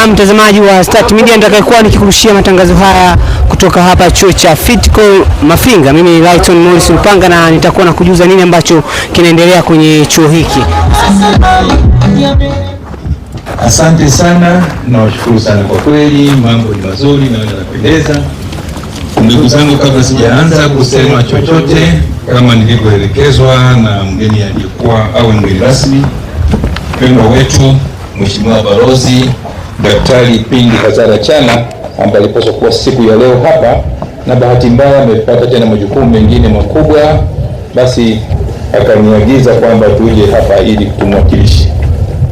na mtazamaji wa Start Media nitakayekuwa nikikurushia matangazo haya kutoka hapa chuo cha Fitco Mafinga, mimi ni Lighton Morris Upanga na nitakuwa nakujuza nini ambacho kinaendelea kwenye chuo hiki. Asante sana, nawashukuru sana kwa kweli, mambo ni mazuri na yanapendeza. Ndugu zangu, kabla sijaanza kusema chochote, kama nilivyoelekezwa na mgeni aliyekuwa au mgeni rasmi mpendwa wetu Mheshimiwa Balozi Daktari Pindi Hazara Chana ambaye alipaswa kuwa siku ya leo hapa na bahati mbaya amepata tena majukumu mengine makubwa, basi akaniagiza kwamba tuje hapa ili tumwakilishe.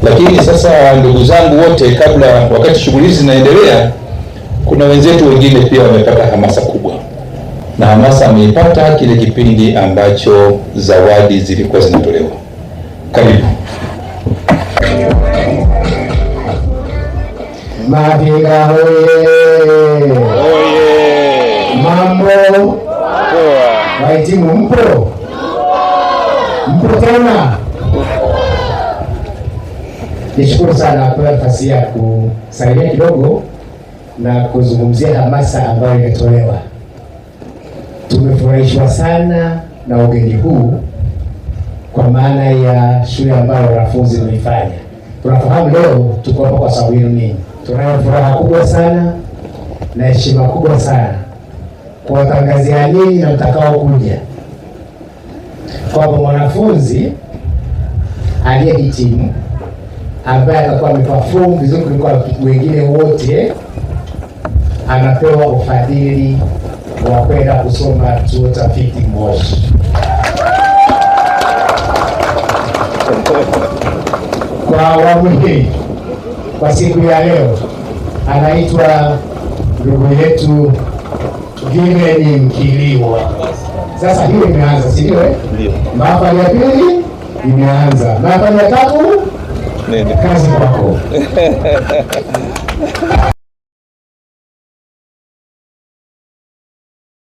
Lakini sasa, ndugu zangu wote, kabla wakati shughuli hizi zinaendelea, kuna wenzetu wengine pia wamepata hamasa kubwa, na hamasa ameipata kile kipindi ambacho zawadi zilikuwa zinatolewa. Karibu. Mapiga hoye! Mambo Wahitimu mpo? Mpo tena? Nishukuru sana kwa nafasi ya kusalimia kidogo na kuzungumzia hamasa ambayo imetolewa. Tumefurahishwa sana na ugeni huu kwa maana ya shule ambayo wanafunzi mnaifanya. Tunafahamu leo tuko hapa kwa sababu yenu ninyi. Tunayo furaha kubwa sana na heshima kubwa sana kuwatangazia nyinyi na mtakaokuja kwamba mwanafunzi aliyehitimu ambaye atakuwa ameperform vizuri kuliko wengine wote anapewa ufadhili wa kwenda kusoma chuo tafiti Moshi. Kwa awamu hii kwa siku ya leo anaitwa ndugu yetu Given Mkiliwa. Sasa hiyo imeanza, si eh? ndio? Mahafali ya pili imeanza, mahafali ya tatu kazi kwako.